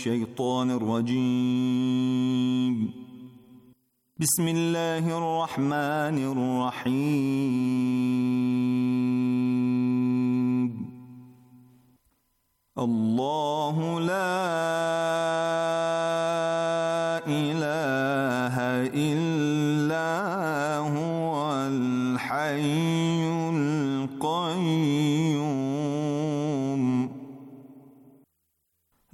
الشيطان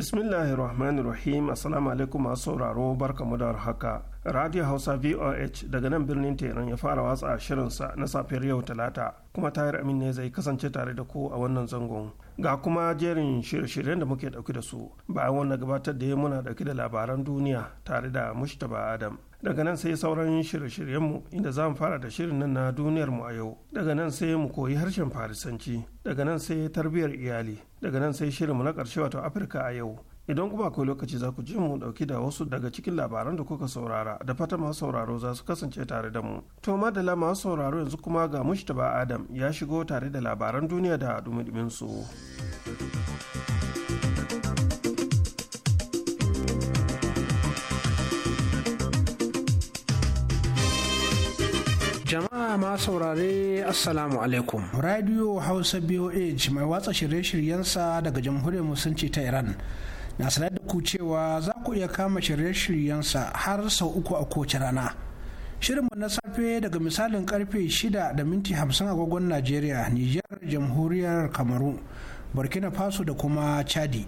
bismillahir rahmanir rahim assalamu alaikum masu sauraro barkamu da haka radio hausa voh daga nan birnin teran ya fara watsa shirinsa na safiyar yau talata kuma tayar amin ne zai kasance tare da ku a wannan zangon ga kuma jerin shirye-shiryen da muke dauki da su bayan wannan gabatar da ya muna dauki da labaran duniya tare da mushtaba adam daga nan sai sauran shirye-shiryenmu inda za mu fara da shirin nan na duniyarmu a yau daga nan sai mu koyi harshen farisanci daga nan sai tarbiyyar iyali daga nan sai shirinmu na ƙarshe wato afirka a yau idan kuma akwai lokaci za ku ji mu dauki da wasu daga cikin labaran da kuka saurara da fata masu sauraro za su kasance tare da mu to madala masu sauraro yanzu kuma ga mushtaba adam ya shigo tare da labaran duniya da dumi su. Jama'a ma saurare Assalamu alaikum. Radio Hausa BOH mai watsa shirye-shiryensa daga Jamhuriyar Musulunci ta Iran. Na sanar da ku cewa za ku iya kama shirye-shiryensa har sau uku a kowace rana. shirin Shirinmu na safe daga misalin karfe 6 da minti 50 agogon Najeriya, Nijar, Jamhuriyar Kamaru, Burkina Faso da kuma Chadi.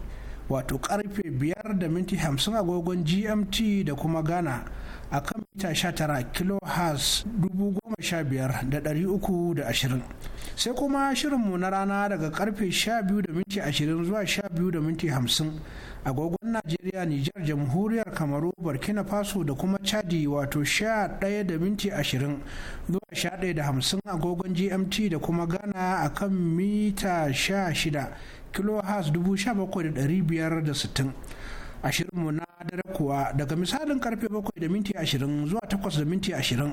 wato karfe 5 da minti 50 agogon gmt da kuma ghana a kan mita uku da 15320 sai kuma shirinmu na rana daga karfe 12 da minti 20 zuwa 12 da minti 50 agogon najeriya nijar jamhuriyar kamaru burkina faso da kuma chadi wato 11 da minti 20 zuwa 11 da 50 agogon gmt da kuma ghana a kan mita shida. kilohertz dubu sha bakwai da dari biyar da sittin ashirin mu na dare kuwa daga misalin karfe bakwai da minti ashirin zuwa takwas da minti ashirin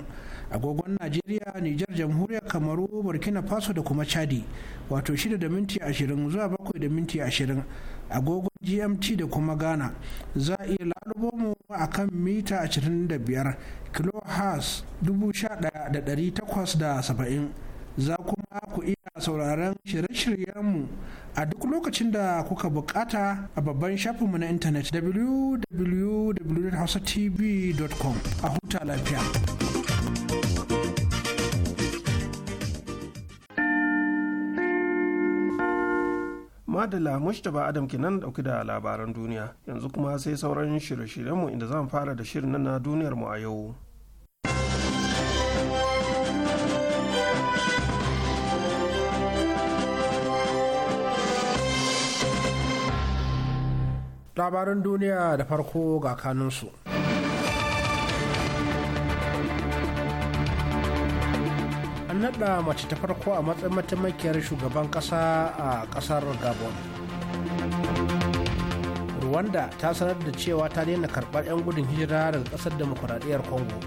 agogon najeriya nijar jamhuriyar kamaru burkina faso da kuma chadi wato shida da minti ashirin zuwa bakwai da minti ashirin agogon gmt da kuma ghana za a iya lalubo mu a kan mita ashirin da biyar kilohertz dubu sha ɗaya da dari takwas da saba'in za kuma ku iya sauraren shirye-shiryenmu a duk lokacin da kuka bukata a babban shafinmu na intanet www.hausatv.com a huta lafiya. Madala Mustapha Adam ke nan dauki da labaran duniya yanzu kuma sai sauran shirye-shiryenmu inda zan fara da shirin na duniyarmu a yau. labaran duniya da farko ga kanunsu. An naɗa mace ta farko a matsayin mataimakiyar shugaban ƙasa a ƙasar Gabon. Rwanda ta sanar da cewa ta daina karɓar 'yan gudun hijira daga ƙasar demokuraɗiyar Congo.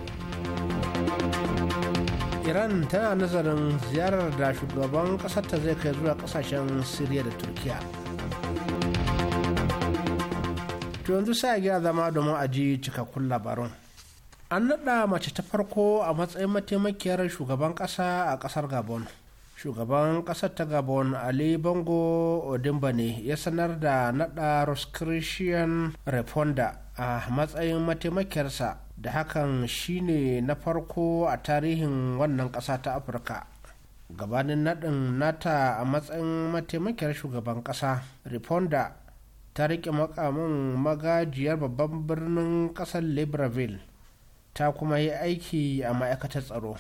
Iran tana nazarin ziyarar da shugaban ƙasarta zai kai zuwa ƙasashen Siriya da Turkiyya. yanzu sai a gina zama domin a ji cikakkun labarun an naɗa mace ta farko a matsayin mataimakiyar shugaban ƙasa a ƙasar gabon shugaban ƙasar ta gabon ali bongo odimba ne ya sanar da naɗa roscritian reponda a matsayin mataimakiyarsa da hakan shine na farko a tarihin wannan ƙasa ta afirka gabanin naɗin nata a matsayin mataimakiyar shugaban ƙasa reponda ta riƙe makamin magajiyar babban birnin ƙasar libreville ta kuma yi aiki a ma'aikatar tsaro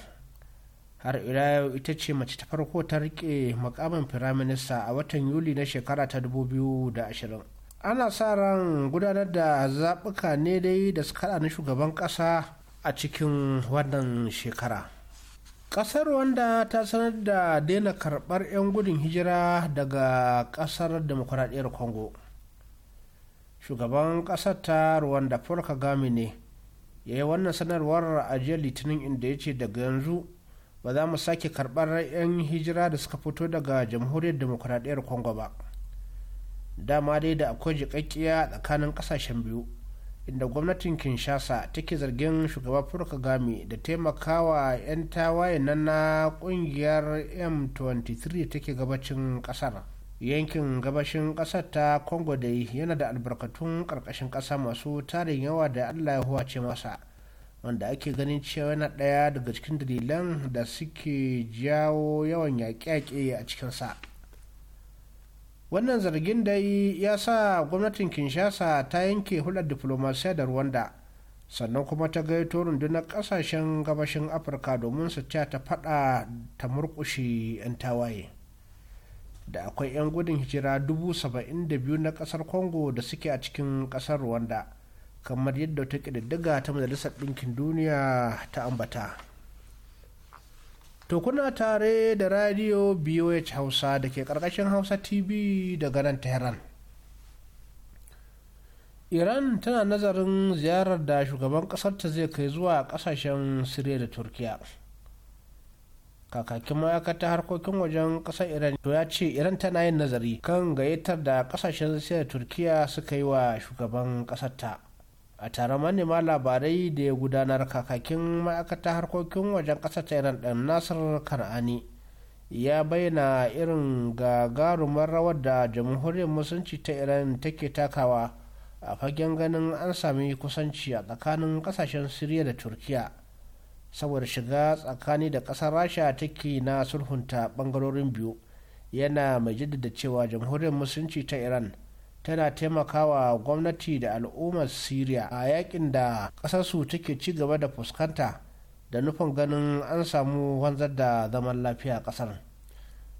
har ila yau ita ce mace ta farko ta riƙe makamin firaminista a watan yuli na shekara ta 2020 ana sa ran gudanar da zaɓuka ne dai da suka na shugaban ƙasa a cikin wannan shekara ƙasar wanda ta sanar da daina karɓar 'yan gudun hijira daga ƙasar demokuraɗiyar congo shugaban ƙasar ta rwanda paul kagame ne ya yi wannan sanarwar a jiya litinin inda ya ce daga yanzu ba za mu sake karɓar 'yan hijira da suka fito daga jamhuriyar demokuraɗiyyar congo ba dama dai da akwai a tsakanin ƙasashen biyu inda gwamnatin kinshasa take zargin shugaba paul kagame da taimakawa 'yan tawaye nan na ƙungiyar m23 take gabacin ƙasar yankin gabashin ƙasar ta congo da yana da albarkatun ƙarƙashin ƙasa masu tarin yawa da allah ya huwace masa wanda ake ganin cewa yana ɗaya daga cikin dalilan da suke jawo yawan yaƙe-yaƙe a cikinsa wannan zargin dai ya sa gwamnatin kinshasa ta yanke hular diflomasiya da rwanda sannan kuma ta gaito rundunar ƙasashen gabashin afirka domin su ta faɗa ta murƙushe 'yan tawaye. da akwai 'yan gudun hijira dubu 72,000 na kasar congo da suke a cikin kasar rwanda kamar yadda ta ƙididdiga ta majalisar ɗinkin duniya ta ambata to kuna tare da radio boh hausa da ke ƙarƙashin hausa tv daga nan tehran iran tana nazarin ziyarar da shugaban ƙasarta zai kai zuwa ƙasashen siriya da turkiya kakakin ma'aikata harkokin wajen ƙasar iran to ya ce iran tana yin nazari kan gayyatar da ƙasashen da turkiya suka yi wa shugaban ƙasar ta a taron manema labarai da ya gudanar kakakin ma'aikata harkokin wajen ƙasar ta iran ɗan nasir kan'ani ya bayyana irin gagarumar rawar da jamhuriyar musulunci ta iran take takawa a fagen ganin an sami kusanci a tsakanin ƙasashen siriya da turkiya saboda shiga tsakani da ƙasar rasha take na sulhunta ɓangarorin biyu yana mai jaddada cewa jamhuriyar musulunci ta iran tana taimakawa gwamnati da al'ummar syria a yakin da ƙasarsu take ci gaba da fuskanta da nufin ganin an samu wanzar da zaman lafiya ƙasar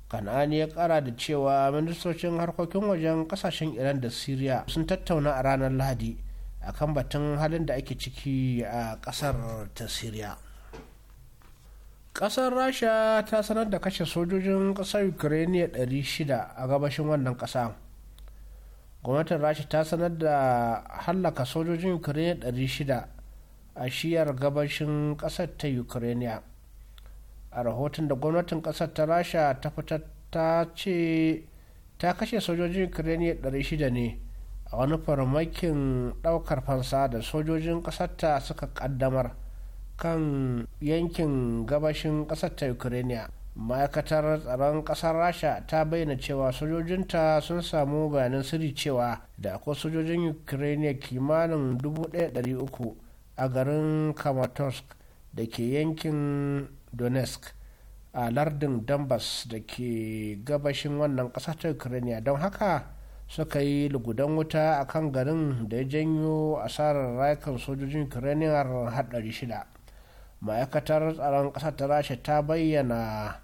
kan'ani ya kara da cewa ministocin harkokin wajen kasashen iran da syria sun tattauna a ranar lahadi akan batun halin da ake ciki a kasar ta syria kasar rasha ta sanar da kashe sojojin kasar ukraine 600 a gabashin wannan kasa gwamnatin rasha ta sanar da hallaka sojojin ukraine 600 a shiyar gabashin kasar ta ukraine a rahoton da gwamnatin kasar ta rasha ta fitar ta ce ta kashe sojojin ukraine 600 ne a wani farmakin daukar fansa da sojojin kasar ta suka kaddamar kan yankin gabashin ƙasar ta ukraine ma'aikatar tsaron ƙasar rasha ta bayyana cewa sojojinta sun samu bayanan sirri cewa da akwai sojojin ukraine kimanin 1,300 a garin kamatorsk da ke yankin donetsk a lardin donbass da ke gabashin wannan ƙasar ta ukraine don haka suka yi lugudan wuta a kan garin da ya janyo asarar rayukan sojojin ukraine har shida ma'aikatar tsaron ƙasar ta rasha ta bayyana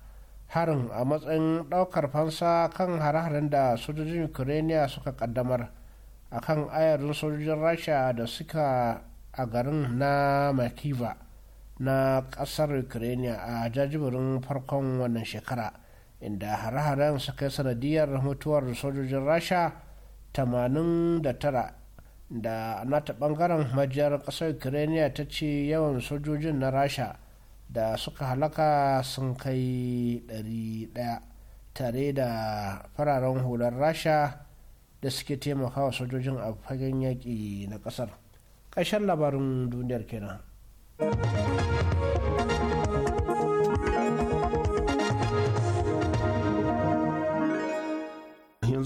harin a matsayin ɗaukar fansa kan hare-haren da sojojin ukraine suka kaddamar a kan ayarin sojojin rasha da suka a garin na makiva na ƙasar ukraine a jajibirin farkon wannan shekara inda hare-haren suka yi sanadiyar mutuwar sojojin rasha 89 da a nata bangaren majiyar kasar ukraine ta ce yawan sojojin na rasha da suka halaka sun kai 100 tare da fararen hular rasha da suke taimakawa sojojin a fagen yaƙi na ƙasar ƙashin labarin duniyar kenan.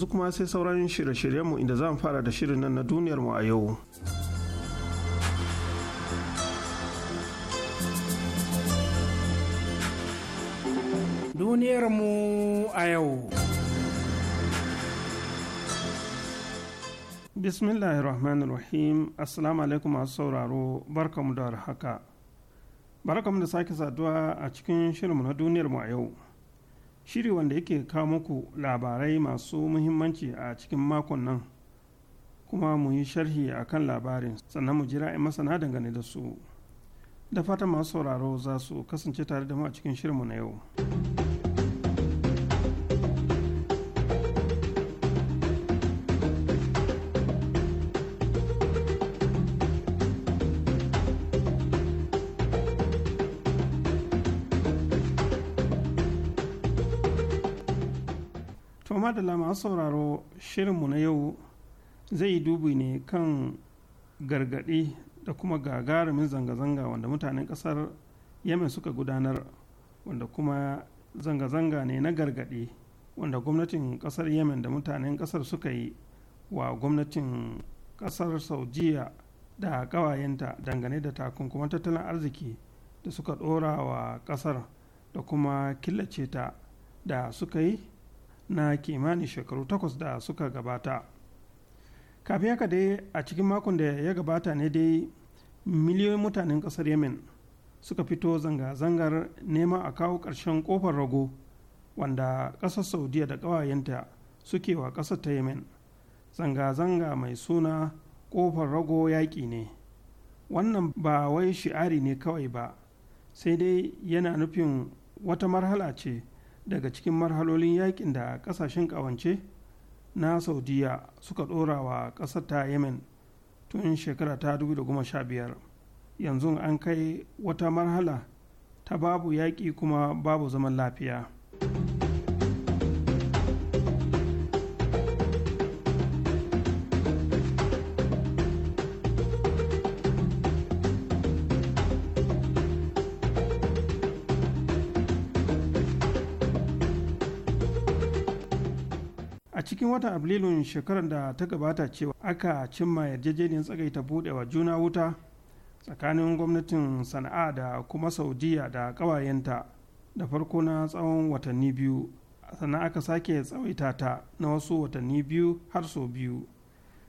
yanzu kuma sai sauran shirye-shiryenmu inda za mu fara da shirin nan na duniyarmu a yau. duniyar mu a yau. Bismillahirrahmanirrahim Assalamu alaikum masu sauraro barkamu da haka. Barkamu da sake saduwa a cikin shirinmu na duniyarmu a yau. shiri wanda yake kawo muku labarai masu muhimmanci a cikin makon nan kuma mu yi sharhi a kan labarin sannan mu jira masana dangane da su da fata masu sauraro za su kasance tare da mu a cikin shirinmu na yau. madala masu sauraro shirinmu na yau zai dubi ne kan gargaɗi da kuma gagarumin zanga-zanga wanda mutanen ƙasar yemen suka gudanar wanda kuma zanga-zanga ne na gargaɗi wanda gwamnatin ƙasar yemen da mutanen ƙasar suka yi wa gwamnatin ƙasar saudiya da ƙawayenta dangane da takunkuman tattalin arziki da suka ɗora wa ƙasar da kuma killace ta da suka yi na kimanin shekaru takwas da suka gabata kafin haka dai a cikin makon da ya gabata ne dai miliyoyin mutanen kasar yemen suka fito zanga-zangar neman a kawo ƙarshen ƙofar rago wanda ƙasar saudiya da ƙawayenta suke wa ƙasar ta yemen zanga-zanga mai suna ƙofar rago yaƙi ne wannan ba wai shi'ari ne kawai ba sai dai yana nufin wata marhala ce daga cikin marhalolin yakin da kasashen ƙawance na saudiya suka ɗora wa kasar ta yemen tun shekara ta 2015 yanzu an kai wata marhala ta babu yaƙi kuma babu zaman lafiya. watan abrilun shekarar da ta gabata cewa aka cimma yarjejeniyar tsagaita wa juna wuta tsakanin gwamnatin sana'a da kuma saudiya da ƙawayenta da farko na tsawon watanni biyu sannan aka sake tsawaita ta na wasu watanni biyu har sau biyu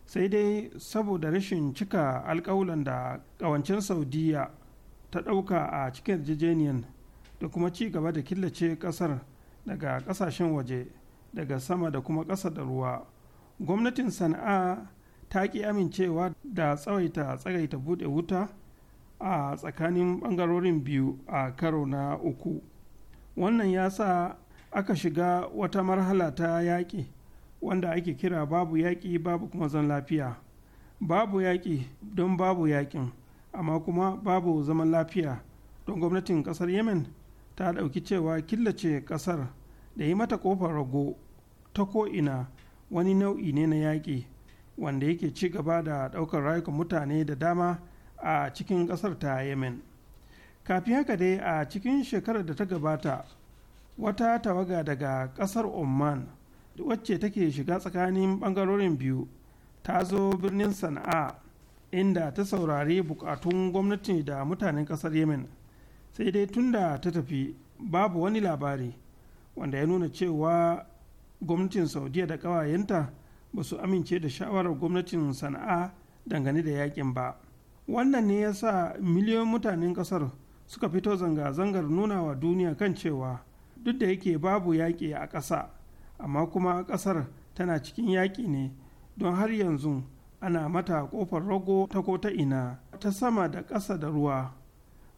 sai dai saboda rashin cika alkawulan da ƙawancin saudiya ta ɗauka a cikin yarjejeniyar da kuma ci gaba da killace ƙasar daga ƙasashen waje daga sama da kuma ƙasa da ruwa gwamnatin sana'a ta ƙi amincewa da tsawaita tsagaita buɗe wuta a tsakanin ɓangarorin biyu a karo na uku wannan ya sa aka shiga wata marhala ta yaƙi wanda ake kira babu yaƙi babu kuma zan lafiya babu yaƙi don babu yaƙin amma kuma babu zaman lafiya don gwamnatin ƙasar yemen ta ɗauki cewa killace ƙasar da yi mata ƙofar rago ta ko'ina wani nau'i ne na yaƙi wanda yake ci gaba da ɗaukar rayukan mutane da dama a cikin ƙasar ta yemen kafin haka dai a cikin shekarar da ta gabata wata tawaga daga ƙasar oman wacce take shiga tsakanin ɓangarorin biyu ta zo birnin sana'a inda ta saurari buƙatun gwamnati da mutanen ƙasar yemen sai dai tunda ta tafi babu wani labari wanda ya nuna cewa gwamnatin saudiya da ƙawayenta ba su amince da shawarar gwamnatin sana'a dangane da yakin ba wannan ne ya sa miliyoyin mutanen ƙasar suka fito zanga-zangar nuna wa duniya kan cewa duk da yake babu yaƙi a ƙasa amma kuma ƙasar tana cikin yaƙi ne don har yanzu ana mata ƙofar rago ta ko ta ina ta sama da ƙasa da ruwa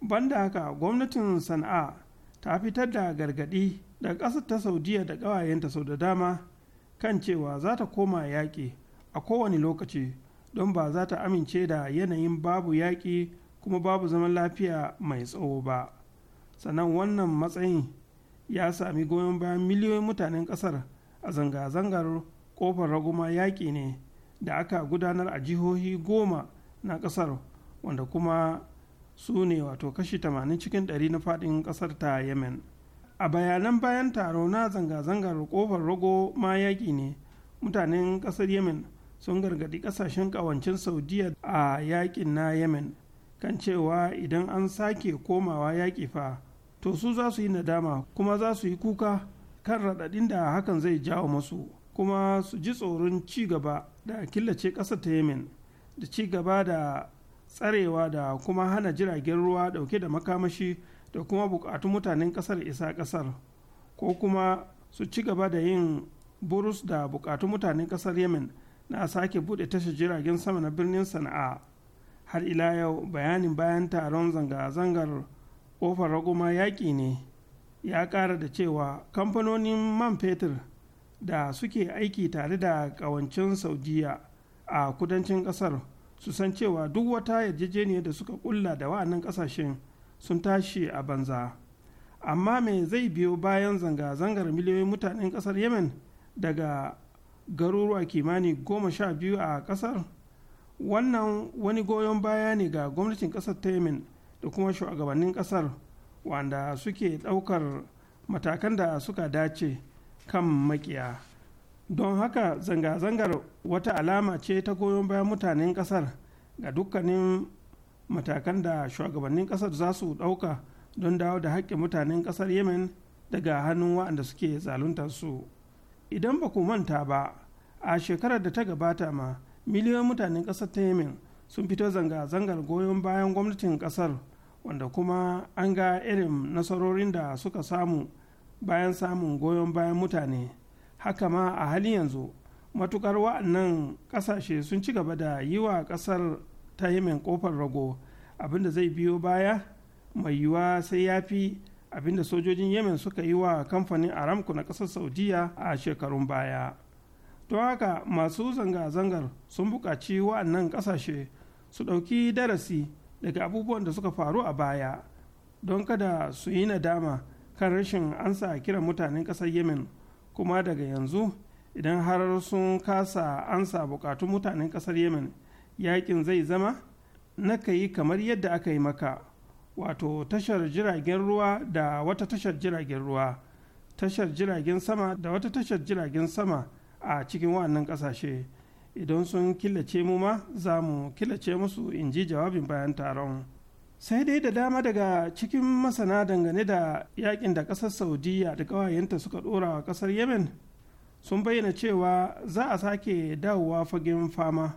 banda haka gwamnatin sana'a ta fitar da gargaɗi daga ƙasar ta saudiya da ƙawayenta sau da dama kan cewa za ta koma yaƙi a kowane lokaci don ba za ta amince da yanayin babu yaƙi kuma babu zaman lafiya mai tsawo ba sannan wannan matsayin ya sami goyon bayan miliyoyin mutanen ƙasar a zanga-zangar ƙofar raguma yaƙi ne da aka gudanar a jihohi goma na ƙasar wanda kuma su ne wato kashi 80 cikin 100 na fadin ƙasar ta yemen a bayanan bayan taro na zanga-zangar kofar rago ma yaƙi ne mutanen kasar yemen sun gargaɗi ƙasashen ƙawancin saudiya a yaƙin na yemen kan cewa idan an sake komawa yaƙi fa to su za su yi nadama kuma za su yi kuka kan raɗaɗin da hakan zai jawo masu kuma su ji tsoron ci gaba da killace ƙasar ta yemen da ci gaba da tsarewa da kuma hana jiragen ruwa dauke da makamashi da kuma buƙatu mutanen kasar isa kasar ko kuma su ci gaba da yin burus da buƙatu mutanen kasar yemen na sake bude tashar jiragen sama na birnin sana'a har ila yau bayanin bayan taron zanga-zangar kofar ragoma yaƙi ne ya ƙara da cewa kamfanonin man fetur da suke aiki tare da ƙawancin saudiya a kudancin ƙasar su san cewa duk wata yarjejeniyar da suka kulla da wa'annan kasashen sun tashi a banza amma me zai biyo bayan zanga-zangar miliyoyin mutanen kasar yemen daga garuruwa kimani goma sha biyu a kasar wannan wani goyon baya ne ga gwamnatin kasar ta yemen da kuma shugabannin kasar wanda suke ɗaukar matakan da suka dace kan makiya don haka zanga-zangar wata alama ce ta goyon bayan mutanen kasar ga dukkanin matakan da shugabannin kasar za su ɗauka don dawo da haƙƙin mutanen kasar yemen daga hannun waɗanda suke zaluntar su idan ba ku manta ba a shekarar da ta gabata ma miliyoyin mutanen kasar ta yemen sun fito zanga-zangar goyon bayan gwamnatin kasar wanda kuma an ga irin nasarorin da suka samu bayan samun goyon bayan mutane. haka ma a halin yanzu matukar wa'annan kasashe sun ci gaba da yi wa kasar ta yemen kofar rago abinda zai biyo baya mai yiwuwa sai ya fi abinda sojojin yemen suka yi wa kamfanin aramco na kasar saudiya a shekarun baya to haka masu zanga-zangar sun buƙaci wa'annan kasashe su ɗauki darasi daga abubuwan da suka faru a baya don kada su yi nadama kan rashin ansa kiran mutanen ƙasar yemen kuma daga yanzu idan har sun kasa ansa bukatun mutanen kasar yemen yakin zai zama na ka yi kamar yadda aka yi maka wato tashar jiragen ruwa da wata tashar jiragen ruwa tashar jiragen sama da wata tashar jiragen sama a cikin wannan kasashe idan sun killace mu ma za mu killace musu in ji jawabin bayan taron sai dai da dama daga cikin masana dangane da yakin da kasar saudiya da kawayenta suka dora wa kasar yemen sun bayyana cewa za a sake dawowa fagen fama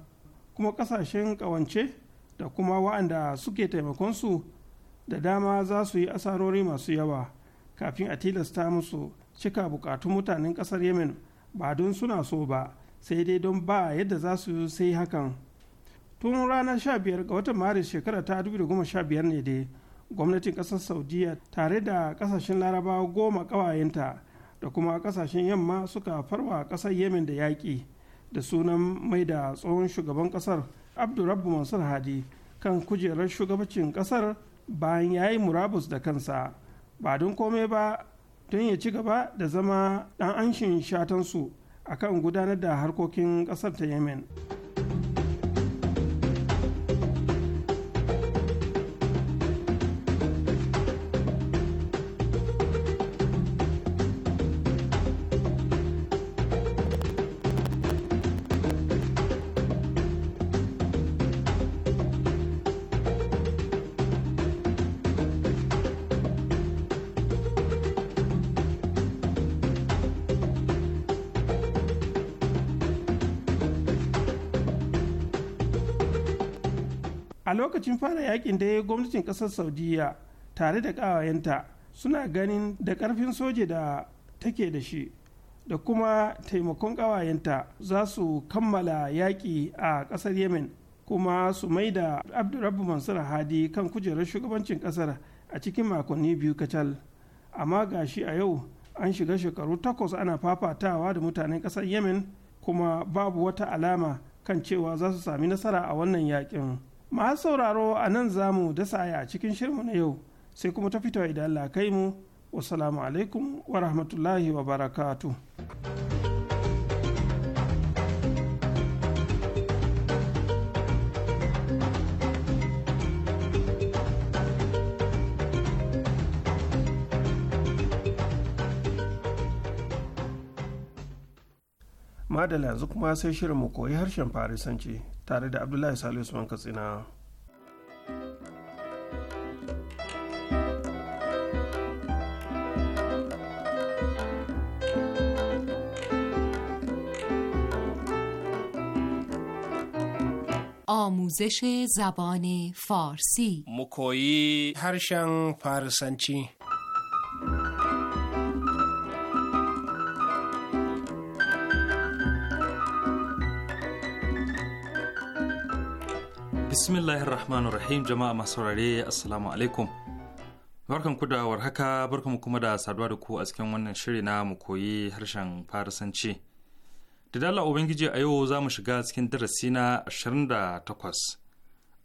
kuma kasashen kawance da kuma wa'anda suke taimakonsu da dama za su yi asarori masu yawa kafin a tilasta musu cika bukatun mutanen kasar yemen ba don suna so ba sai dai don ba yadda za su sai hakan tun ranar 15 ga watan maris shekara ta 2015 ne dai gwamnatin kasar saudiya tare da kasashen larabawa goma kawayenta da kuma kasashen yamma suka farwa kasar yemen da yaƙi da sunan mai da tsohon shugaban kasar abdurrabbu mansur hadi kan kujerar shugabancin kasar bayan ya yi murabus da kansa ba don komai ba don ya ci gaba da zama ɗan anshin shatansu akan gudanar da harkokin kasar ta yemen. lokacin fara yakin da gwamnatin kasar saudiya tare da ƙawayenta suna ganin da ƙarfin soja da take da shi da kuma taimakon ƙawayenta za su kammala yaƙi a ƙasar yemen kuma su mai da abdurrabu mansur hadi kan kujerar shugabancin ƙasar a cikin makonni biyu kacal amma gashi a yau an shiga shekaru takwas ana fafatawa da mutanen ƙasar yemen kuma babu wata alama kan cewa za su sami nasara a wannan yakin masu sauraro a nan za mu dasa a cikin shirmu na yau sai kuma ta fito idan Allah kai mu wasalamu alaikum wa rahmatullahi wa barakatu. da yanzu kuma sai shirin mu koyi harshen farisanci tare da abdullahi salisu usman katsina آموزش زبان فارسی مکویی هرشن فارسنچی rahim jama'a masu saurare assalamu alaikum. Barkan ku da war haka barkan mu kuma da saduwa da ku a cikin wannan shiri na mu koyi harshen Farisanci. Da dala Ubangiji a yau za mu shiga cikin darasi na 28.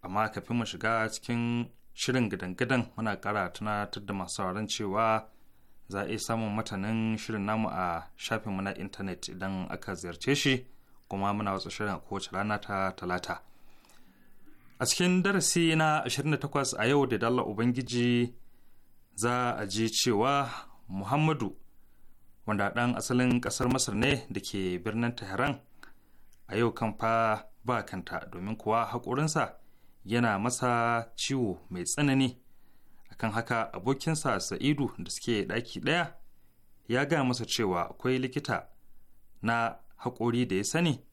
Amma kafin mu shiga cikin shirin gidan-gidan muna kara tunatar da masu sauraron cewa za a iya samun matanin shirin namu a shafinmu na intanet idan aka ziyarce shi kuma muna watsa shirin a kowace rana ta talata. A cikin darasi na 28 a yau da dala Ubangiji za a ji cewa Muhammadu wanda ɗan asalin ƙasar Masar ne da ke birnin Tehran a yau kan fa ba kanta domin kuwa haƙorinsa yana masa ciwo mai tsanani. Akan haka abokinsa Sa'idu da suke ɗaki ɗaya ya gaya masa cewa akwai likita na haƙori da ya sani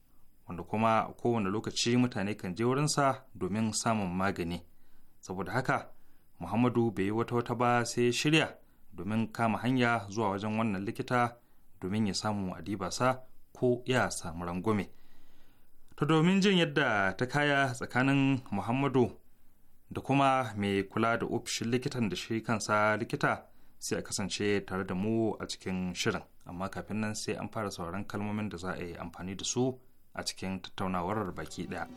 wanda kuma a kowane lokaci mutane kan je wurinsa domin samun magani saboda haka muhammadu bai yi wata wata ba sai shirya domin kama hanya zuwa wajen wannan likita domin ya samu adibasa ko ya samu rangwame ta domin jin yadda ta kaya tsakanin muhammadu da kuma mai kula da ofishin likitan da shi kansa likita sai a kasance tare da mu a cikin shirin amma kafin nan sai an fara sauran kalmomin da za a yi amfani da su a cikin tattaunawar baki ɗaya.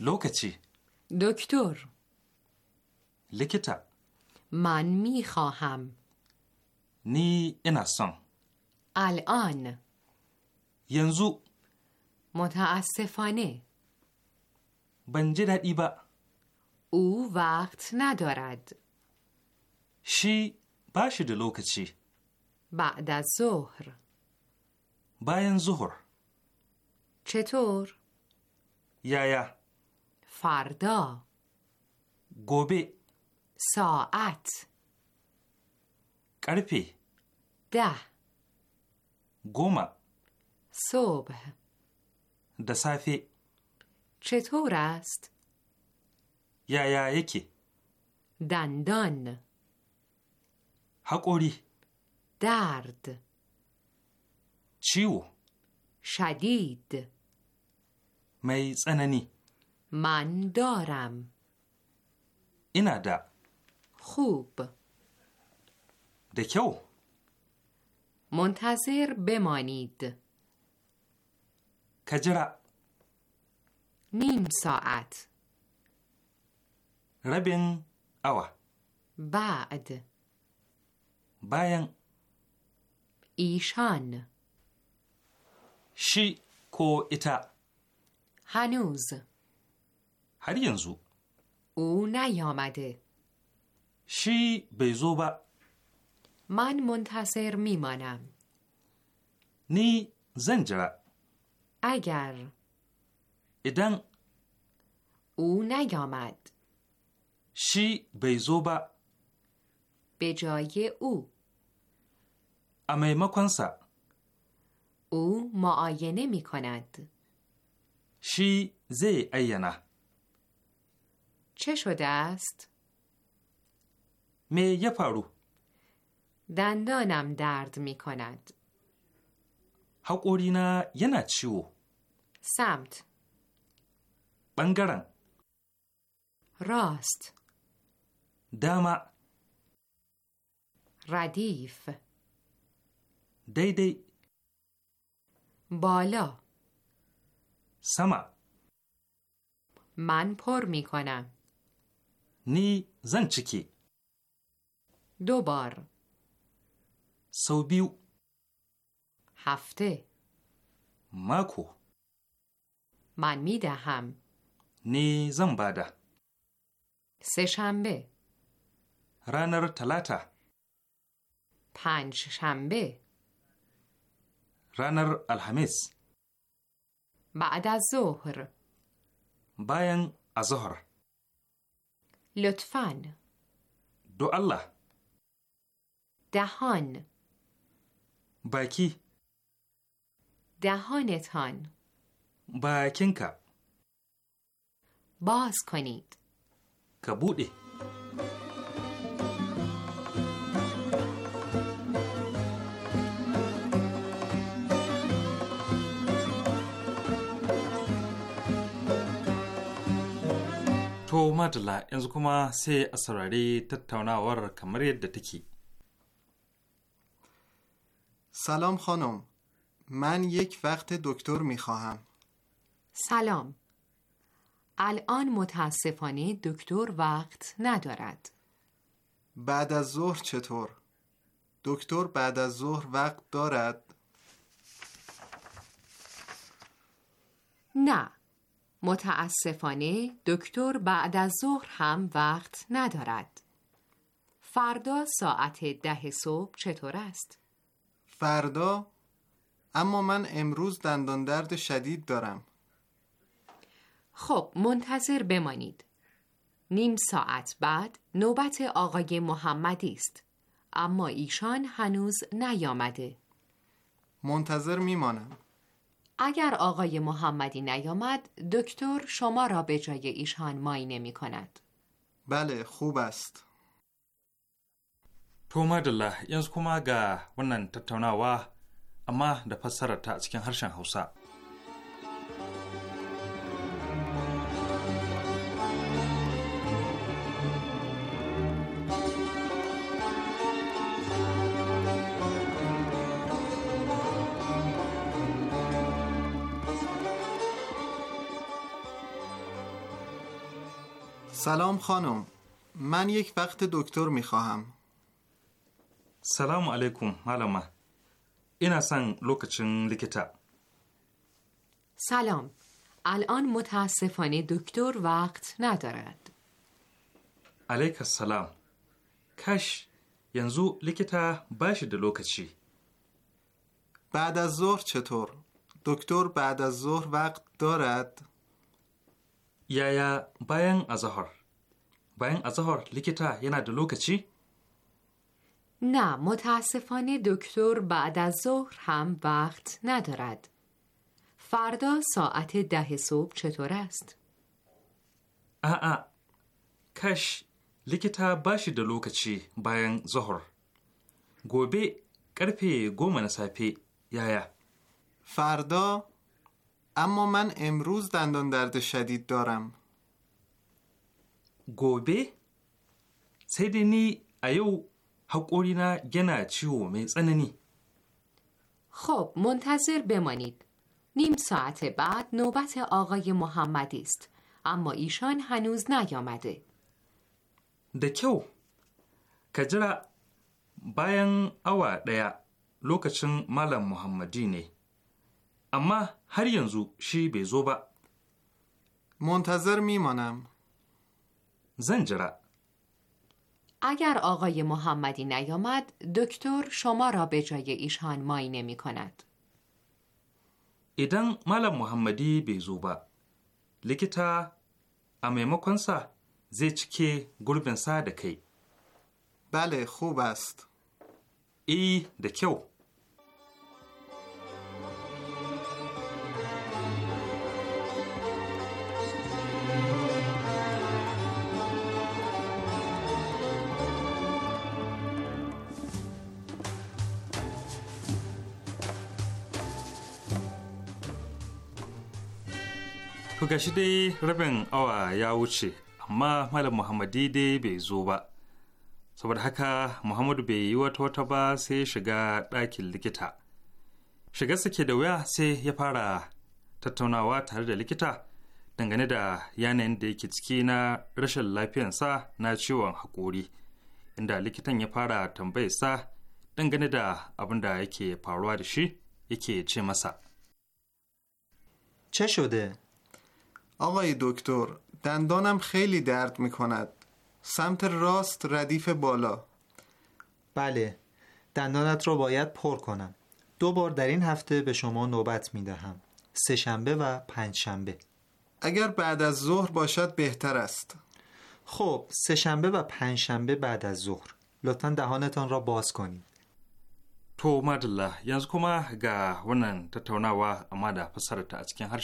lokaci doktor likita. من می خواهم. نی انسان. الان. ینزو. متاسفانه. بنجه با. او وقت ندارد. شی باشی چی؟ بعد از ظهر. باین ظهر. چطور؟ یا یا. فردا. گوبه. ساعت قرپی ده گوما صبح دسافی چطور است؟ یا یا یکی دندان حقوری درد چیو شدید می من دارم این د. خوب دکیو منتظر بمانید کجرا نیم ساعت ربن اوا بعد باین ایشان شی کو ایتا هنوز هر ینزو او نیامده شی بیزو با من منتظر میمانم نی زنجرا اگر ادن او نیامد شی بیزو با به جای او اما کنسا او معاینه می کند شی زی اینا چه شده است؟ می یه پارو دندانم درد می کند حقورینا یه چیو سمت بنگران. راست داما ردیف دیدی بالا سما من پر می کنم نی زن دو بار سو هفته ماکو من میدهم نی زن بادا سه شنبه رانر تلاتا پنج شنبه رانر الحمیز بعد از ظهر باین از ظهر لطفاً دو الله دهان باکی دهانتان باکنکا باز کنید کبوده To madala yanzu kuma sai a saurari tattaunawar kamar yadda take. سلام خانم من یک وقت دکتر می خواهم سلام الان متاسفانه دکتر وقت ندارد بعد از ظهر چطور؟ دکتر بعد از ظهر وقت دارد؟ نه متاسفانه دکتر بعد از ظهر هم وقت ندارد فردا ساعت ده صبح چطور است؟ فردا اما من امروز دندان درد شدید دارم خب منتظر بمانید نیم ساعت بعد نوبت آقای محمدی است اما ایشان هنوز نیامده منتظر میمانم اگر آقای محمدی نیامد دکتر شما را به جای ایشان ماینه میکند کند بله خوب است To madalla yanzu kuma ga wannan tattaunawa amma da fassararta a cikin harshen Hausa. سلام خانم من یک وقت دکتر می خواهم Salamu alaikum, Malama. Ina son lokacin likita. Salam, al’an mutasifa ne doktor Vakt Nadarad. Alaika salam, kash yanzu likita ba shi da lokaci. بعد از ظهر چطور؟ دکتر بعد از ظهر وقت دارد؟ یا یا باین از ظهر باین از ظهر لکیتا نه متاسفانه دکتر بعد از ظهر هم وقت ندارد فردا ساعت ده صبح چطور است؟ آ آ کش لکتا باشی دلو کچی باین ظهر گوبه کرپی گوم نسایپی یا فردا اما من امروز دندان درد شدید دارم گوبه سیدنی ایو حقورینا گنا چیو میزنی؟ خوب خب منتظر بمانید نیم ساعت بعد نوبت آقای محمدی است اما ایشان هنوز نیامده دکیو کجرا باین اوا دیا لوکچن مالم محمدی نه اما هر ینزو شی به با منتظر میمانم زنجره اگر آقای محمدی نیامد، دکتر شما را به جای ایشان ماینه می کند. ایدن مال محمدی به زوبا. لکه تا امیمو زی چکی گل بن دکی. بله خوب است. ای دکیو. gashi dai rabin awa ya wuce amma malam muhammadi dai bai zo ba saboda haka muhammadu bai yi wata wata ba sai shiga ɗakin likita shigarsa ke da wuya sai ya fara tattaunawa tare da likita dangane da yanayin da yake ciki na rashin lafiyansa na ciwon haƙori inda likitan ya fara sa dangane da abin da yake faruwa da shi yake ce masa آقای دکتر دندانم خیلی درد می کند سمت راست ردیف بالا بله دندانت را باید پر کنم دو بار در این هفته به شما نوبت می دهم سه شنبه و پنج شنبه اگر بعد از ظهر باشد بهتر است خب سه شنبه و پنج شنبه بعد از ظهر لطفا دهانتان را باز کنید تو مدله یز کما گا ونن تتونه و اماده پسرت از کن هر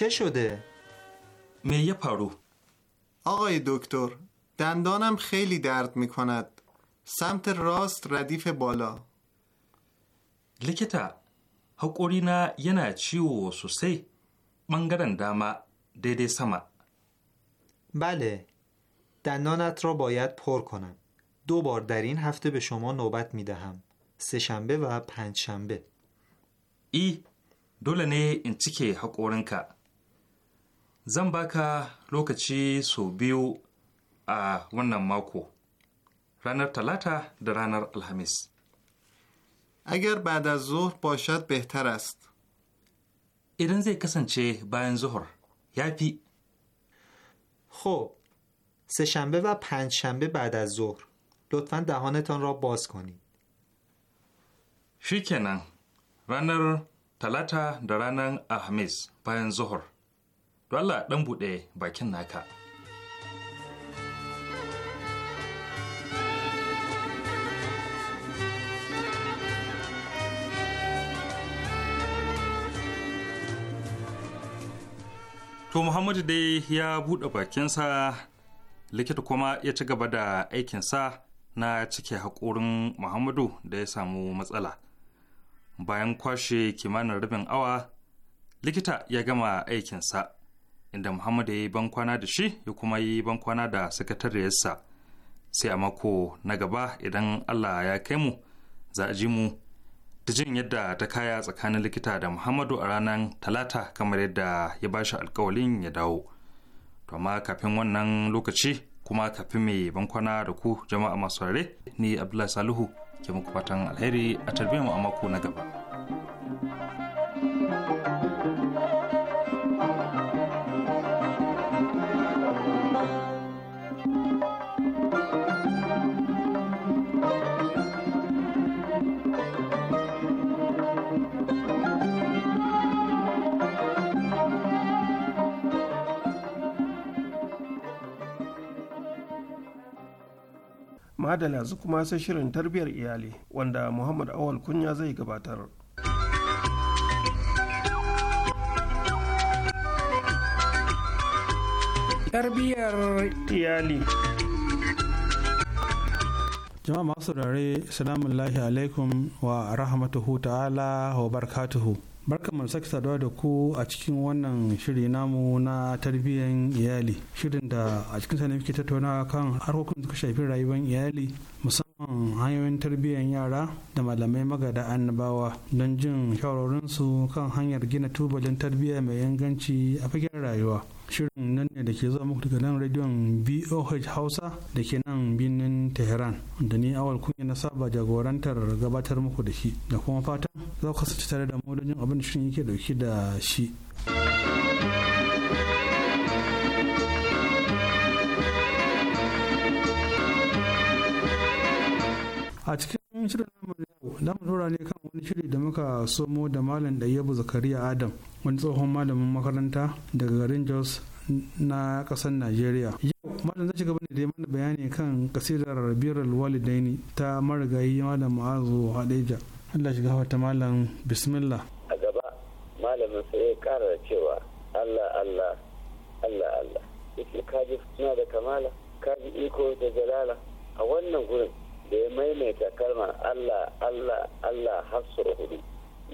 چه شده؟ میه پارو آقای دکتر دندانم خیلی درد می کند سمت راست ردیف بالا لکتا ینا چیو و سوسی. منگرن داما دیده سما. بله دندانت را باید پر کنم دو بار در این هفته به شما نوبت می دهم سه شنبه و پنج شنبه ای دولنه این چیکه که zan baka lokaci sau biyu a wannan mako ranar talata da ranar alhamis agar ba da zuhur boshat behtarast idan zai kasance bayan zuhur ya fi خب سه شنبه و پنج شنبه بعد از ظهر لطفا دهانتان را باز کنید شیکنن رنر تلاتا درانن احمیز پایان ظهر Allah ɗan buɗe bakin naka. To Muhammadu dai ya buɗe bakinsa likita kuma ya ci gaba da aikinsa na cike haƙorin Muhammadu da ya samu matsala. Bayan kwashe kimanin rabin awa, likita ya gama aikinsa inda muhammad ya yi bankwana da shi ya kuma yi bankwana da sakatariyarsa. Sai a mako na gaba idan Allah ya kai mu za a ji mu da jin yadda ta kaya tsakanin likita da Muhammadu a ranar Talata kamar yadda ya ba shi alkawalin ya dawo. To amma kafin wannan lokaci kuma kafin mai bankwana da ku jama'a masu ni Abdullahi Salihu ke muku fatan alheri a tarbiyyar mu a mako na gaba. madala yanzu kuma sai shirin tarbiyyar iyali wanda muhammad awal kunya zai gabatar tarbiyyar iyali jama'a masu rare salamun alaikum wa rahmatuhu ta'ala wa barakatuhu barka mu sake saduwa da ku a cikin wannan shiri namu na tarbiyyar iyali shirin da a cikin sa ne muke tattaunawa kan harkokin da suka shafi rayuwar iyali musamman hanyoyin tarbiyyar yara da malamai magada annabawa don jin shawarorinsu kan hanyar gina tubalin tarbiyya mai inganci a fagen rayuwa shirin nan ne da ke zuwa muku daga nan rediyon boh hausa da ke nan birnin tehran da ni awal kunya na saba jagorantar gabatar muku da shi da kuma fatan za ku kasance tare da mu don abin da shirin yake dauke da shi a cikin cikin shirin namu yau da mu tura ne kan wani shiri da muka somo da malam ɗayyabu zakariya adam wani tsohon malamin makaranta daga garin jos na ƙasar najeriya yau malam zai shiga da mana bayani kan kasidar rabirul walidaini ta marigayi malam ma'azu hadeja allah shiga wata malam bismillah a gaba malamin sai ya kara cewa allah allah allah allah ita kaji suna da kamala kaji iko da jalala a wannan gurin da ya maimaita kalmar Allah Allah Allah har hudu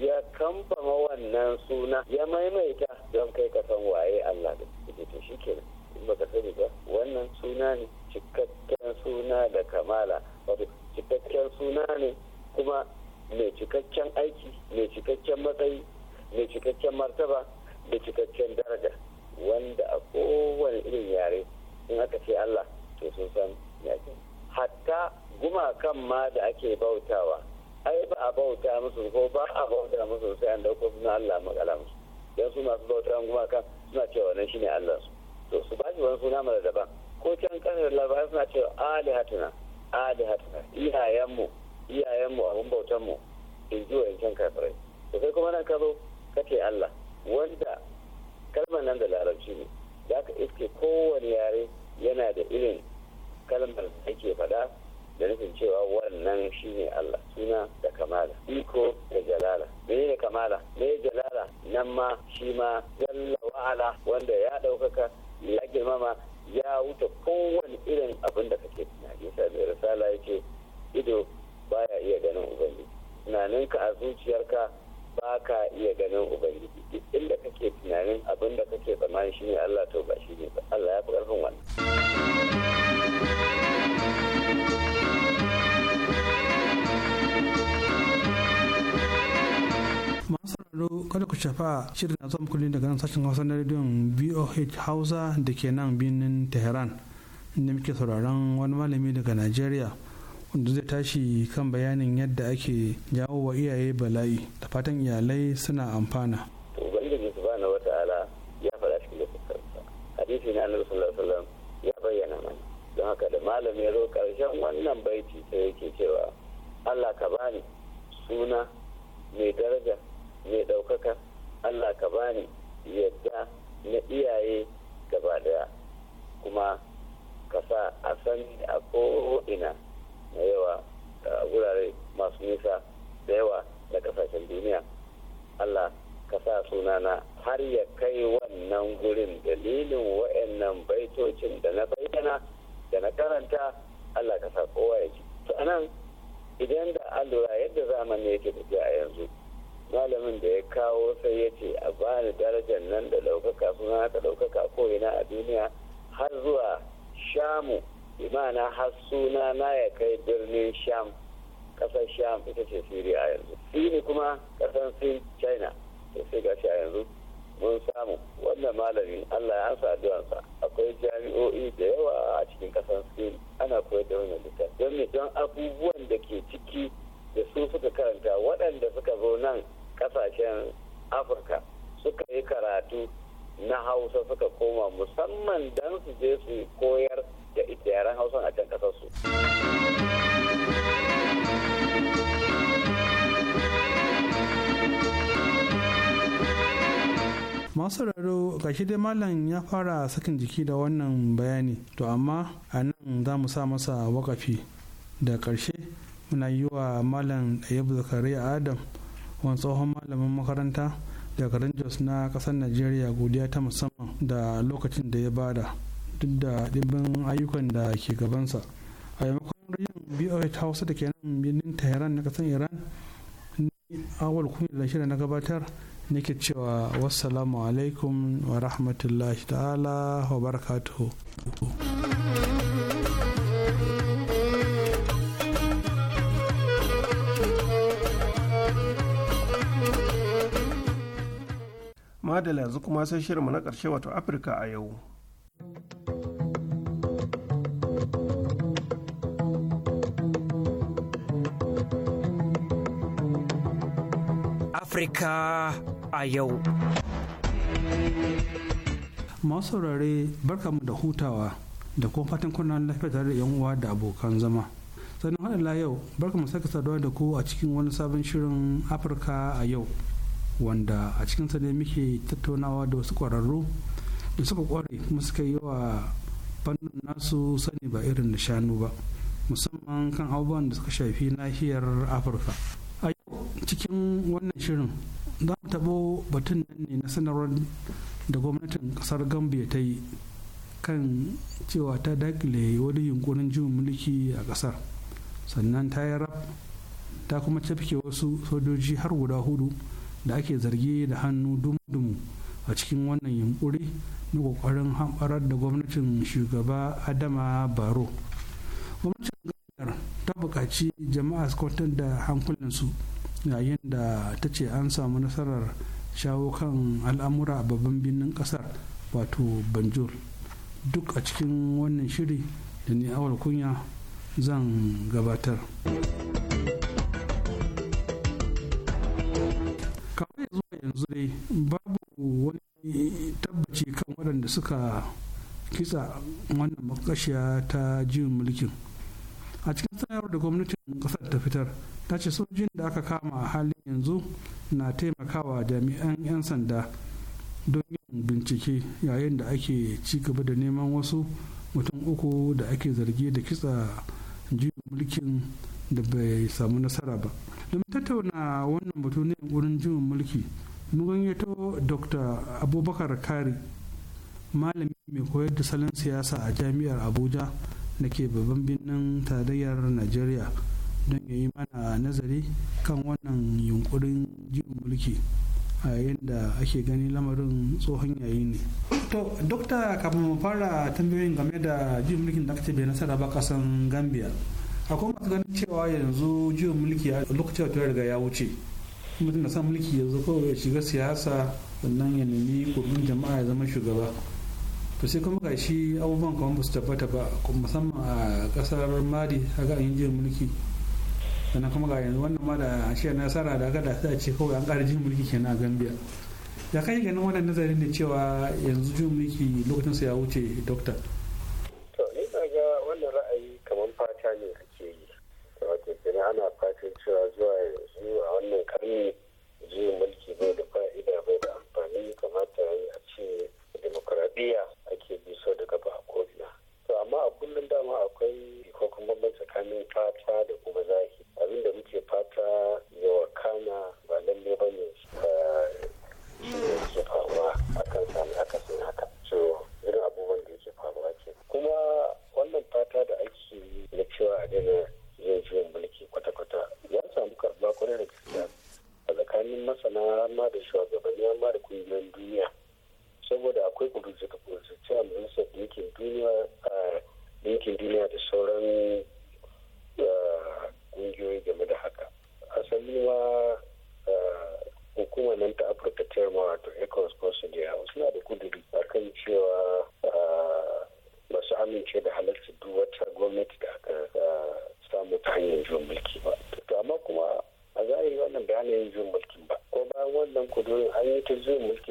ya kamfama wannan suna ya maimaita don kai ka san waye Allah da to shi kenan in baka sani ba wannan suna ne cikakken suna da kamala wato cikakken suna ne kuma mai cikakken aiki mai cikakken matsayi mai cikakken martaba da cikakken daraja wanda a kowane irin yare in aka ce Allah to sun san yakin hatta gumakan ma da ake bautawa ai ba a bauta musu ko ba a bauta musu sai an dauko suna Allah makala musu dan su masu bauta gumakan suna cewa wannan shine Allah su to su ba shi wani suna mara daban ko can kan labarai suna cewa alihatuna alihatuna iyayenmu iyayenmu abun bautanmu in ji wa yankin kafirai to sai kuma nan ka zo kace Allah wanda kalmar nan da larabci ne da ka iske kowane yare yana da irin kalmar da ake faɗa da nufin cewa wannan shi ne Allah suna da kamala iko da jalala me ne kamala me jalala nan ma shi ma jalla wa'ala wanda ya ɗaukaka ya girmama ya wuce kowane irin abin da kake tunani yasa mai risala yake ido baya iya ganin ubangiji tunaninka a zuciyarka ba ka iya ganin ubangiji inda kake tunanin abin da kake tsammani ne Allah to ba sauraro kada ku shafa shirin na zuwa muku daga nan sashen hausa na rediyon voh hausa da ke nan birnin tehran inda muke sauraron wani malami daga nigeria wanda zai tashi kan bayanin yadda ake jawo wa iyaye bala'i da fatan iyalai suna amfana hadisi na annabi sallallahu alaihi wasallam ya bayyana mana don haka da malam ya zo ƙarshen wannan baiti sai yake cewa Allah ka bani suna mai daraja mai ɗaukaka allah ka bani yadda na iyaye gaba daya kuma ka sa a sani a ko'ina na yawa a wurare masu nisa da yawa na kasashen duniya allah ka sa sunana har ya kai wannan gurin dalilin wa'annan baitocin da na bayyana da na karanta allah ka sa kowa ya ji to anan idan da allura yadda zamani yake tafiya a yanzu malamin da ya kawo sai ya ce a bani darajar nan da ɗaukaka kuma aka ɗaukaka ko'ina a duniya har zuwa shamu imana har suna na ya kai birnin sham ƙasar sham ita ce siriya a yanzu sini kuma ƙasar sin china to sai ga a yanzu mun samu wannan malami allah ya ansa addu'ansa akwai jami'o'i da yawa a cikin ƙasar sin ana koyar da wannan littafi don don abubuwan da ke ciki da su suka karanta waɗanda suka zo nan kasashen afirka suka yi karatu na hausa suka koma musamman dan su je su koyar da ita yaren hausa a can kasarsu masu raro gashi dai malam ya fara sakin jiki da wannan bayani to amma a nan za mu sa masa wakafi da ƙarshe muna yi wa malam ayyub zakariya adam wani tsohon malamin makaranta daga garin jos na kasar najeriya godiya ta musamman da lokacin da ya bada duk da dimbin ayyukan da ke gabansa a yamakon rediyon ta hausa da ke nan birnin tehran na kasar iran ni awal kuma da shirin na gabatar nake cewa wassalamu alaikum wa rahmatullahi ta'ala wa barakatuhu madala yanzu kuma sai shirinmu na ƙarshe wato afirka a yau afirka a yau masu saurare barkamu da hutawa da kuma fatan kuna lafiya tare da yan uwa da abokan zama sannan haɗa yau barkamu saka saduwa da ku a cikin wani sabon shirin afirka a yau wanda a cikin ne muke tattaunawa da wasu ƙwararru da suka ƙware kuma suka yi wa fannin nasu sani ba irin da shanu ba musamman kan abubuwan da suka shafi nahiyar afirka a yau cikin wannan shirin za mu taɓo batun nan ne na sanarwar da gwamnatin ƙasar gambia ta yi kan cewa ta dakile wani yunkurin jin mulki a ƙasar sannan ta yi rab ta kuma cafke wasu sojoji har guda hudu da ake zargi da hannu dumu-dumu a cikin wannan yunkuri na kokarin hamɓarar da gwamnatin shugaba adama baro gwamnatin gabar ta buƙaci jama'a scotland da hankulansu yayin da ta ce an samu nasarar shawo kan al'amura a babban birnin ƙasar wato banjul duk a cikin wannan shiri da ni awal kunya zan gabatar. yanzu dai babu wani tabbaci kan waɗanda suka kisa wannan makashiya ta jin mulkin a cikin sanarwar da gwamnatin ƙasar ta fitar ta ce sojin da aka kama a halin yanzu na taimakawa jami'an 'yan sanda don yin bincike yayin da ake ci gaba da neman wasu mutum uku da ake zargi da kitsa juyin mulkin da bai samu nasara ba don tattauna wannan batu ne wurin juyin mulki mugayyato dr abubakar kari malami mai koyar da salon siyasa a jami'ar abuja da ke babban birnin tarayyar najeriya don ya yi mana nazari kan wannan yunkurin jin mulki a yayin da ake gani lamarin tsohon yayi ne to dokta kafin mu fara tambayoyin game da jin mulkin da ake bai nasara ba kasan gambia akwai masu ganin cewa yanzu jin mulki a lokacin da riga ya wuce mutum da san mulki yanzu kawai ya shiga siyasa sannan ya nemi kurbin jama'a ya zama shugaba to sai kuma gashi abubuwan kamar ba su tabbata ba musamman a kasar mali haka an yi jin mulki sannan kuma ga yanzu wannan ma da shi nasara da aka da a ce kawai an ƙara jin mulki kenan a gambia ya kai ganin wannan nazarin da cewa yanzu jin mulki lokacinsa ya wuce dokta war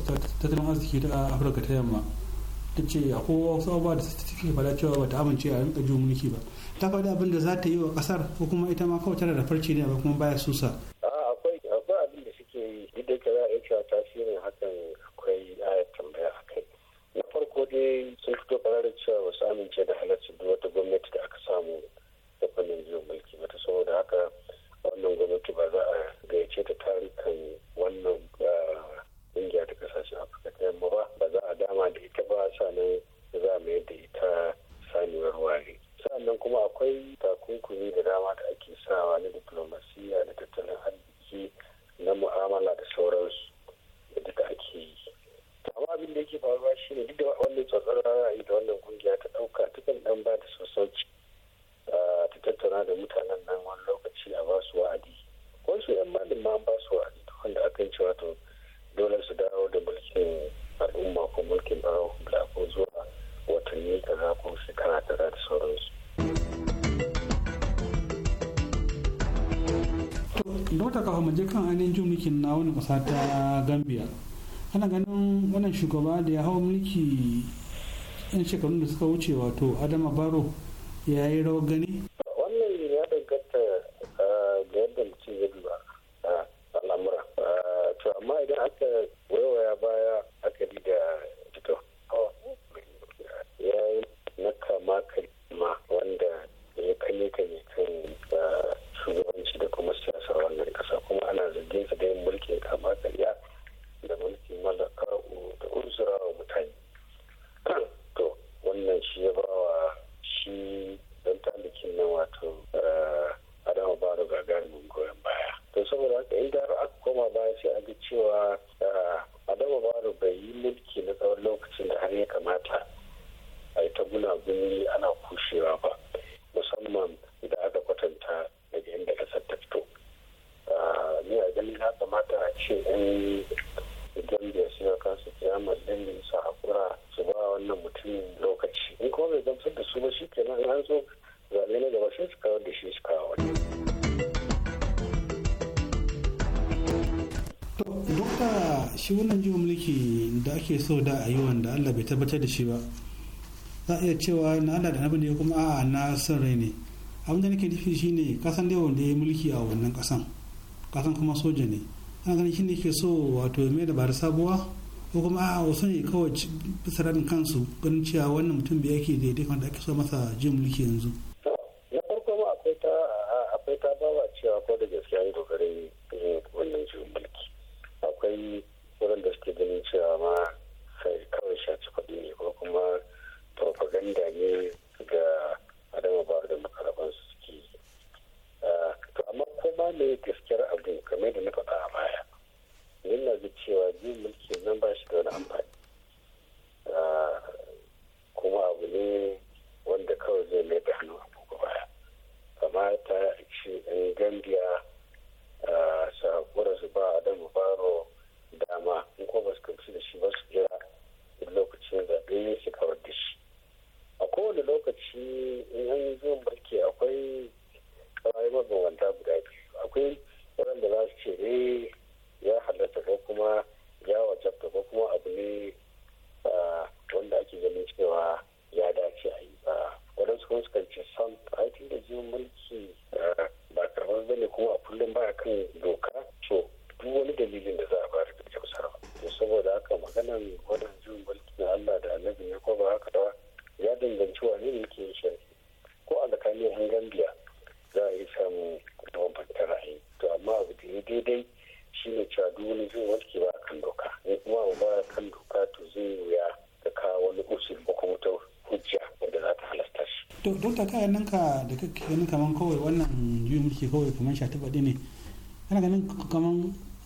takwas ta tattalin arziki ta afirka ta yamma ta ce akwai kowa wasu abubuwa da fada cewa ba ta amince a rinka jin mulki ba ta faɗi abin da za ta yi wa ƙasar ko kuma ita ma kawai tana da farce ne ba kuma baya susa na wani ƙasa ta gambia ana ganin wannan shugaba da ya hau mulki yan shekarun da suka wuce wato adama baro ya yi rawar gani shin yan gambia suna kansu kiyama din su haƙura su ba wannan mutumin lokaci in kuma bai gamsar da su ba shi kenan an zo zaɓe na gaba sai su kawar da shi su kawo wani. Dokta shi wannan jiwon mulki da ake so da a yi wanda Allah bai tabbatar da shi ba za a iya cewa na Allah da nabi ne kuma a'a na san rai ne abin nake nufi shi ne kasan da wanda ya mulki a wannan kasan kasan kuma soja ne na ganin shi ne ke so wato mai da sabuwa ko kuma a wasu ne kawai bisa kansu ganin cewa wannan mutum bai yake daidai da ake so masa jin mulki yanzu kullum ba kan doka to duk wani dalilin da za a bari da kyautar to saboda haka maganan wannan jin mulki na Allah da annabi ne ko ba haka ba ya danganci wani ne yake shi ko alƙalin an gambiya za a yi samu yawan fanta ra'ayi to amma abu da ya daidai shi ne cewa duk wani jin mulki ba kan doka ne kuma abu ba kan doka to zai wuya da kawo wani usul ko kuma ta hujja wanda za ta halasta shi. to duk da kayan nan ka da kake ganin kaman kawai wannan juyin mulki kawai kamar sha ta baɗi ne ana ganin kamar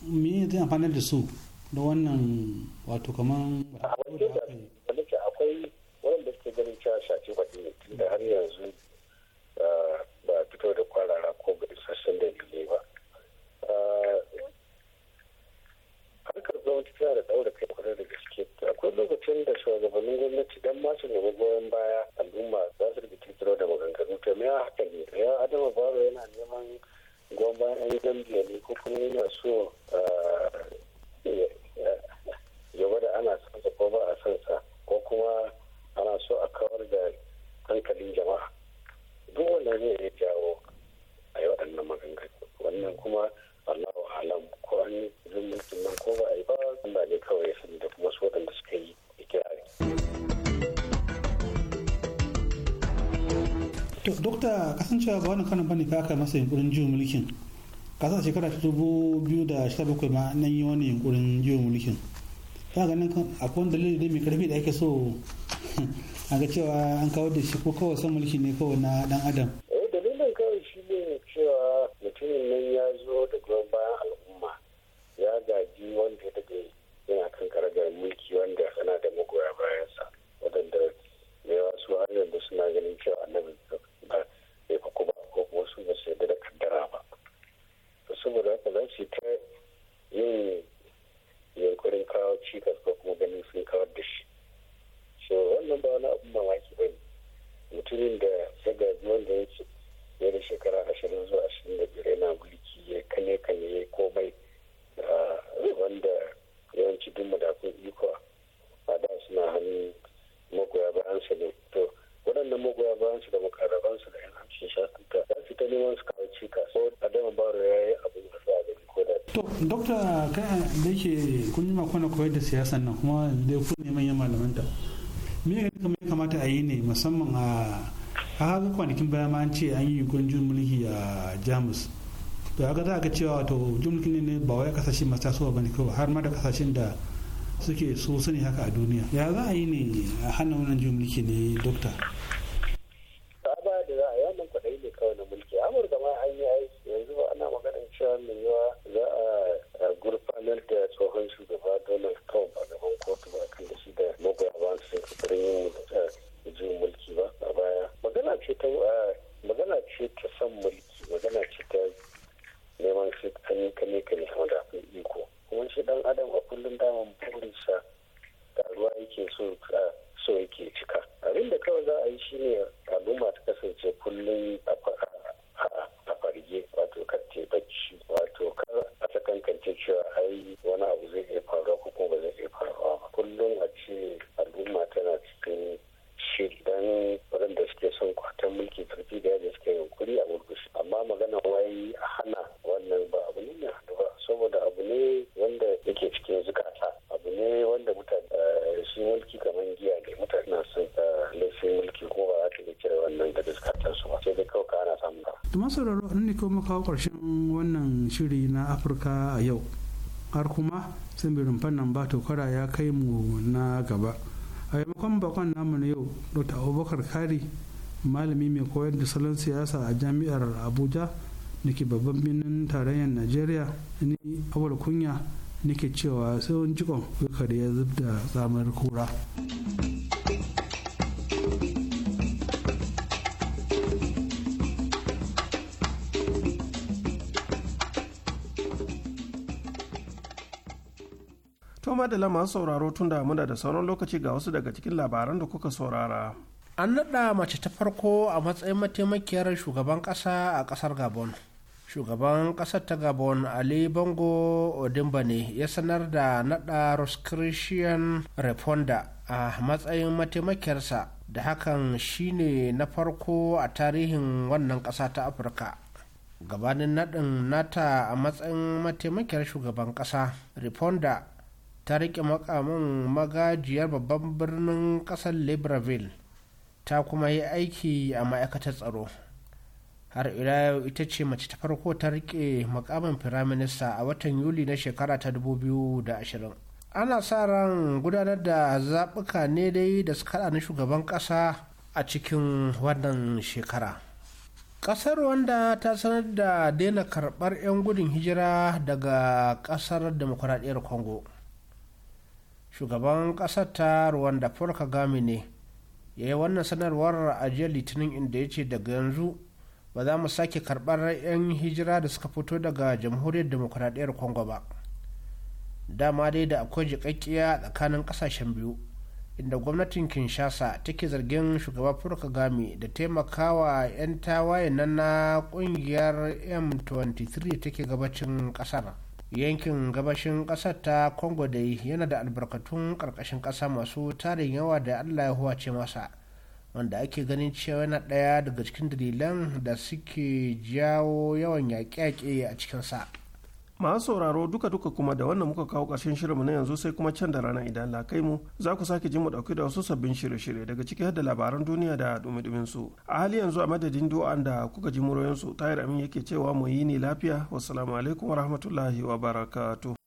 me zai amfanar da su da wannan wato kamar cewa ba wani kanan bane aka masa yunkurin juyin mulkin kasa shekara ta dubu biyu da sha bakwai ma nan yi wani yunkurin juyin mulkin ta ganin akwai wani dalili mai karfi da ake so a ga cewa an kawo da shi ko kawai son mulki ne kawai na dan adam kuke kun yi makon koyar da siyasan nan kuma dai ku ne manyan ta me ya kamata a yi ne musamman a a haka kwanakin baya ma an ce an yi yunkurin mulki a jamus to haka za a ga cewa wato jin mulki ne ba wai kasashen masu tasowa ne kawai har ma da kasashen da suke so sani haka a duniya ya za a yi ne a hannun wannan jin mulki ne dokta masu sauraro an ne kuma kawo ƙarshen wannan shiri na afirka a yau har kuma tsibirin fannin ba tokara ya kai mu na gaba a yamakon bakon namu na yau dr abubakar kari malami mai koyar da salon siyasa a jami'ar abuja da ke babban birnin tarayyar najeriya ni awal kunya nake cewa sai wani jikon ya zubda zamar kura. da masu sauraro tun da muna da sauran lokaci ga wasu daga cikin labaran da kuka saurara. An naɗa mace ta farko a matsayin mataimakiyar shugaban ƙasa a ƙasar Gabon. Shugaban ƙasar ta Gabon Ali Bongo Odimba ne ya sanar da naɗa Roscritian Reponda a matsayin mataimakiyarsa da hakan shine na farko a tarihin wannan ƙasa ta Afirka. gabanin naɗin nata a matsayin mataimakiyar shugaban ƙasa Reponda ta rike makamin magajiyar babban birnin ƙasar libreville ta kuma yi aiki a ma'aikatar tsaro har ila yau ita ce mace ta farko ta riƙe makamin firaminista a watan yuli na shekara ta 2020 ana sa ran gudanar da zaɓuka ne dai da suka na shugaban ƙasa a cikin wannan shekara ƙasar wanda ta sanar da daina karɓar 'yan gudun hijira daga ƙasar demokuraɗiyar congo shugaban ƙasar ta rwanda paul kagame ne ya yi wannan sanarwar a jiya litinin inda ya ce daga yanzu ba za mu sake karɓar 'yan hijira da suka fito daga jamhuriyar demokuraɗiyyar congo ba dama dai da akwai jiƙaƙƙiya tsakanin ƙasashen biyu inda gwamnatin kinshasa take zargin shugaban paul kagame da taimakawa 'yan tawaye nan na ƙungiyar m23 take gabacin ƙasar yankin gabashin ƙasar ta congo dai yana da albarkatun ƙarƙashin ƙasa masu tarin yawa da allah ya huwace masa wanda ake ganin cewa yana ɗaya daga cikin dalilan da suke jawo yawan yaƙe-yaƙe a cikinsa masu sauraro duka-duka kuma da wannan muka kawo ƙarshen shirinmu na yanzu sai kuma can da rana idan lakai mu za ku sake jin mu dauke da wasu sabbin shirye-shirye daga ciki har da labaran duniya da dumi su a hali yanzu a madadin du'an da kuka ji muroyin su tayar amin yake cewa mu yi ni lafiya wassalamu alaikum wa barakatu.